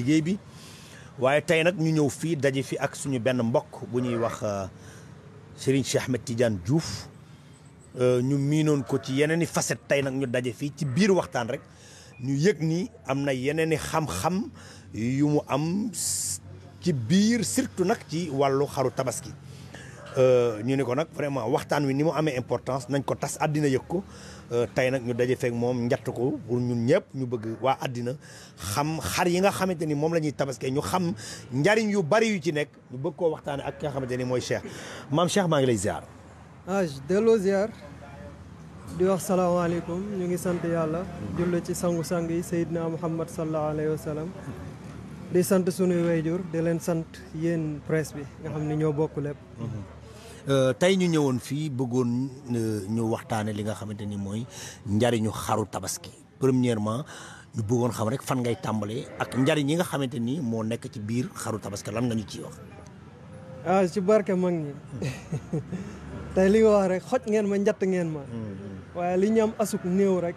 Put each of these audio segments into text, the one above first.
liggéey bi waaye tey nag ñu ñëw fii daje fi ak suñu benn mbokk bu ñuy wax euh, Serigne Cheikh Ahmed Tidiane Diouf euh, ñu miinoon ko ci yeneen i facette tey nag ñu daje fii ci biir waxtaan rek ñu yëg ni am na yeneen i xam-xam yu mu am ci biir surtout nag ci wàllu xaru tabaski euh, ñu ne ko nag vraiment waxtaan wi ni mu amee importance nañ ko tas àddina yëg ko Euh, tey nag ñu daje feek moom njart ko pour ñun ñëpp ñu bëgg waa àddina xam xar yi nga xamante ni moom lañuy tabaskee ñu xam njariñ yu bari yu ci nekk ñu bëgg koo waxtaane ak ki nga xamante ni mooy Cheikh maam Cheikh maa ngi lay ziar. ah delloo ziar di wax salaamaaleykum ñu ngi sant yàlla julli ci sangu-sang yi Seydina Muhammad sallallahu alayhi wa sallam di sant sunuy wayjur di leen sant yéen presse bi nga xam ni ñoo bokk lépp mhm. Euh, tey ñu ñëwoon fii bëggoon euh, ñu waxtaane li nga xamante ni mooy njariñu xaru tabaski premièrement ñu bëggoon xam rek fan ngay tàmbalee ak njariñ yi nga xamante ni moo nekk ci biir xaru tabaski lan nga ah, ci barke mag ñi tey li nga ngeen ma njatt ngeen ma. Mm-hmm. waaye li am asuk néew rek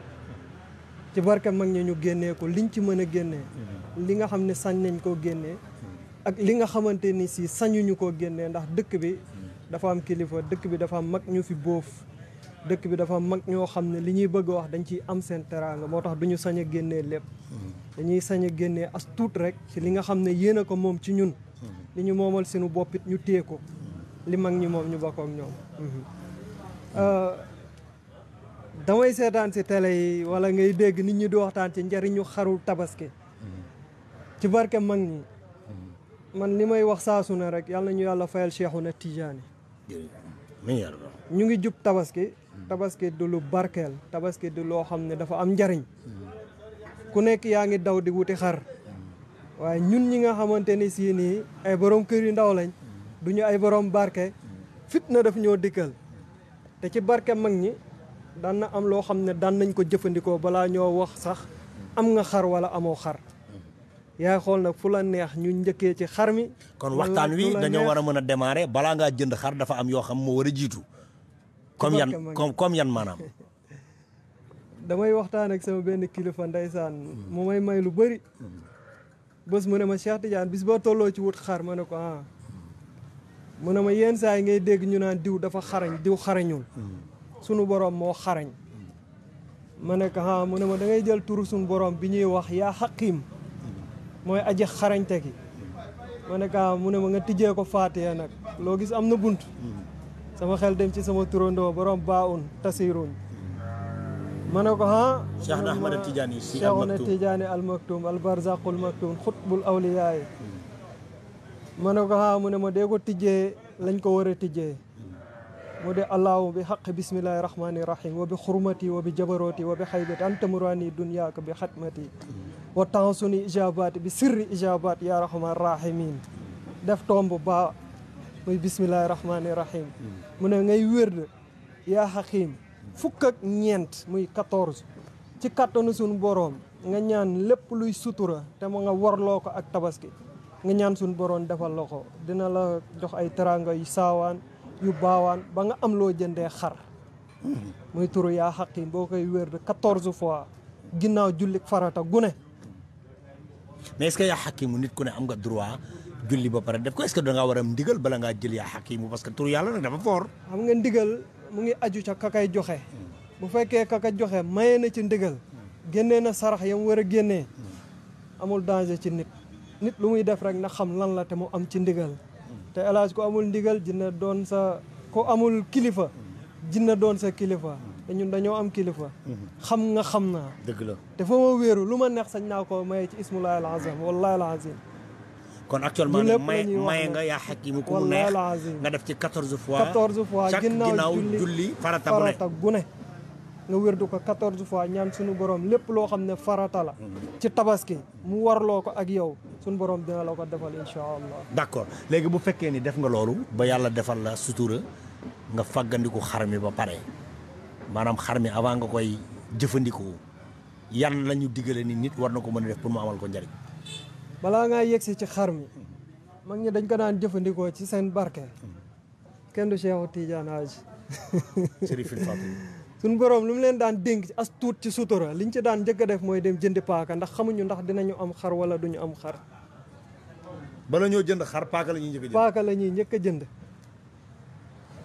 ci barke mag ñi génnee ko liñ ci mën a génnee. Mm-hmm. li nga xam ne sañ nañ koo génnee. ak li nga xamante ni si sañuñu koo génnee ndax dëkk bi dafa am kilifa dëkk bi dafa am mag ñu fi boof dëkk bi dafa am mag ñoo xam ne li ñuy bëgg a wax dañ ciy am seen teraanga moo tax du ñu sañ a génnee lépp mhm. dañuy sañ a génnee as tuut rek ci li nga xam ne yéen ko moom ci ñun mhm. li ñu moomal seenu boppit ñu téye ko mhm. li mag ñi moom ñu bokkook ñoom euh, damay seetaan si tele yi wala ngay dégg nit ñi di waxtaan ci njariñu xarul tabaski ci barke mag ñi man li may wax saasu ne rek yàlla ñu yàlla fayal Cheikhouna Tidiane ñu ngi jub tabaski tabaski du lu barkeel tabaski du loo xam ne dafa am njariñ ku nekk yaa ngi daw di wuti xar waaye ñun ñi nga xamante ni sii nii ay borom kër yu ndaw lañ du duñu ay borom barke fit na daf ñoo dikkal te ci barke mag ñi daan na am loo xam ne daan nañ ko jëfandikoo balaa ñoo wax sax am nga xar wala amoo xar yaa xool nag fu la neex ñu njëkkee ci xar mi. kon waxtaan wi dañoo war a mën a démarrer balaa ngaa jënd xar dafa am yoo xam moo war a jiitu. comme yan comme yan maanaam. damay waxtaan ak sama benn kilifa ndeysaan hmm. mu may may lu bëri. Hmm. mu ne ma Cheikh Tidiane bis boo tolloo ci wut xar ma ne ko ah. mu ne ma yenn saa yi ngay dégg ñu naan diw dafa xarañ diw xarañul. Hmm. sunu moo xarañ. ma ne ah, mu ne ma dangay jël turu sunu borom bi ñuy wax yaa xaqiim. mooy aji xarañte gi ma ne ka ah, mu ne ma nga tijjee ko faatiya nag loo gis am na bunt sama xel dem ci sama turandoo borom baaun tasirun ma ne ko ha ah. Cheikh Ahmad Tidiane Cheikhuna Tidiane al maktum al xutbul awliyaay ma ne ko ha ah, mu ne ma dee ko tijjee lañ ko war a tijjee mu de allahuma bi xaq bismillahi rahmani rahim wa bi xurmati wa bi jabarooti wa bi xaybati anta muraani dunyaaka bi xatmati wa sunu ijabaati bi sirri ijabaati ya rahman rahimin def tomb baa muy bismillahi rahmani rahim mu ne ngay wérd yaa xaqiim fukk ñeent muy quatorze ci kattanu suñu boroom nga ñaan lépp luy sutura te mu nga war loo ko ak tabaski nga ñaan suñu boroom defal la ko dina la jox ay teranga yu saawaan yu baawaan ba nga am loo jëndee xar muy turu yaa xaqiim boo koy wérd quatorze fois ginnaaw julli farata gune mais est ce que yaa xakimu nit ku ne am nga droit julli ba pare def ko est ce war a ndigal bala nga jël yaa xakimu parce que tur yàlla nag dafa foor xam nga ndigal mu ngi aju ca kakay joxe bu fekkee kaka joxe maye na ci ndigal génnee na sarax yam war a génnee amul danger ci nit nit lu muy def rek na xam lan la te mu am ci ndigal te El ku amul ndigal dina doon sa ko amul kilifa dina doon sa kilifa te ñun dañoo am kilifa. xam nga xam naa. dëgg la te fa ma wéeru lu ma neex sañ naa ko maye ci ismullahi alazim wallahi alazim kon actuellement nag may maye nga yaa xakimu ku mu neex nga def ci quatorze fois quatorze fois ginnaaw julli farata bu ne farata gu ne nga wér du ko quatorze fois ñaan suñu borom lépp loo xam ne farata la mm-hmm. ci tabaski mu warloo ko ak yow suñu borom dina la ko defal incha allah d'accord léegi bu fekkee ni def nga loolu ba yàlla defal la sutura nga fàggandiku xar mi pare maanaam xar mi avant nga koy jëfandikoo yan lañu ñu digale nit war na ko mën a def pour mu amal ko njariñ balaa ngaa yegsi ci xar mi mag ñi dañ ko daan jëfandikoo ci seen barke kenn du Cheikhu Tidiane Aji suñ borom lu mu leen daan dénk as tuut ci sutura liñ ci daan njëkk a def mooy dem jëndi paaka ndax xamuñu ndax dinañu am xar wala duñu am xar bala ñoo jënd xar paaka la ñuy la ñuy njëkk a jënd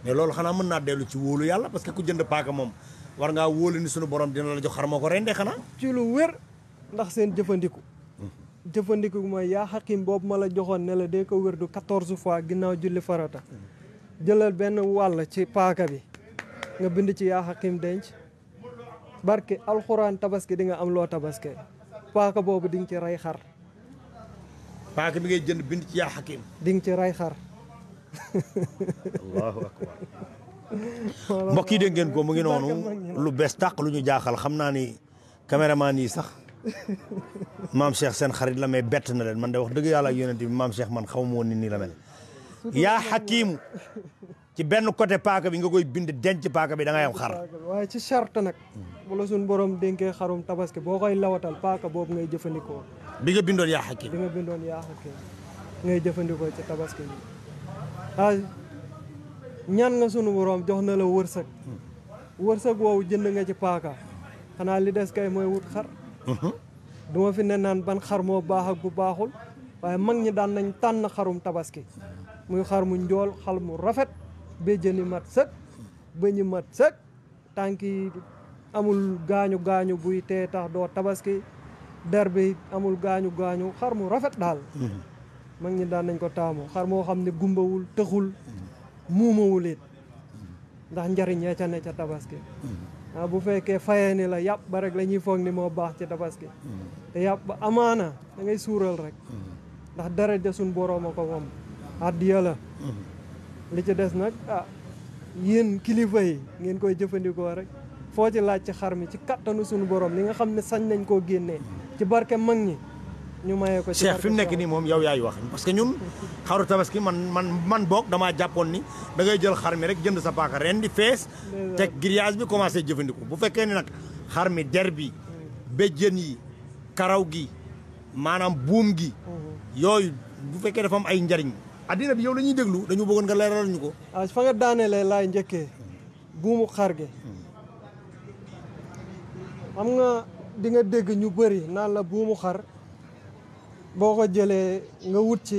mais loolu xanaa mën naa dellu ci wóolu yàlla parce que ku jënd paaka moom war ngaa wóolu ni sunu borom dina la jox xar moo ko rendee xanaa ci lu wér ndax seen jëfandiku mhm. jëfandiku mooy yaa xaqim boobu ma la joxoon ne la dee ko wér du quatorze fois ginnaaw julli farata jëlal benn wàll ci paaka bi nga bind ci yaa xaqim denc barke alxuraan tabaski di nga am loo tabaske paaka boobu di nga ci rey xar paaka bi ngay jënd bind ci yaa xaqim di nga ci rey xar allahu akbar mbokk yi dégg ngeen ko mu ngi noonu lu bees tàq lu ñu jaaxal xam naa ni caméraman yii sax maam Cheikh seen xarit la mais bett na leen man de wax dëgg yàlla ak yonent maam seex man xaw ma ni nii la mel. yaa xakiimu ci benn côté paaka bi nga koy bind denc paaka bi danga ngay am xar. waaye ci charte nag. bu la borom dénkee xarum tabaski boo koy lawatal paaka boobu ngay jëfandikoo. bi nga bindoon yaa bi nga bindoon yaa xakiim ngay jëfandikoo ci tabaski bi. ah ñaan nga sunu borom jox na la wërsëg wërsëg woowu jënd nga ci paaka xanaa li des kay mooy wut xar mhm. duma fi ne naan ban xar moo baax ak bu baaxul waaye mag ñi daan nañ tànn xarum tabaski muy xar mu njool xal mu rafet béjjën mat sëg bëñi mat sëg tànk amul gaañu gaañu buy tee tax doo tabaski der bi amul gaañu gaañu xar mu rafet daal mhm. mag ñi daan nañ ko taamu xar moo xam ne gumbawul tëxul muumawul ndax njariñ ya ca ne ca tabaski mm-hmm. ah, bu fekkee fayee ni la yàpp ba rek lañuy ñuy foog ni moo baax ci tabaski mm-hmm. te yàpp ba amaana da ngay suural rek mm-hmm. ndax deret ja suñ ko moom addiya la li ci des nag ah yéen kilifa yi ngeen koy jëfandikoo rek foo ci laaj ci xar mi ci kattanu suñu borom li nga xam ne sañ nañ koo génnee ci barke mag ñi ñu maye ko ci fi mu nekk nii moom yow yaay wax parce que ñun xaru tabaski man man man boog damaa jàppoon ni da ngay jël xar mi rek jënd sa paaka ren di fees teg grillage bi commencé jëfandiku bu fekkee ne nag xar mi der bi yi karaw gi maanaam buum gi mhm. yooyu bu fekkee dafa am ay njariñ addina bi yow la ñuy déglu dañu bëggoon nga leeral ñu ko waaw ah, fa nga daaneele laay njëkkee buumu xar gi hmm. xam nga di nga dégg ñu bëri naan la buumu xar boo ko jëlee nga wut ci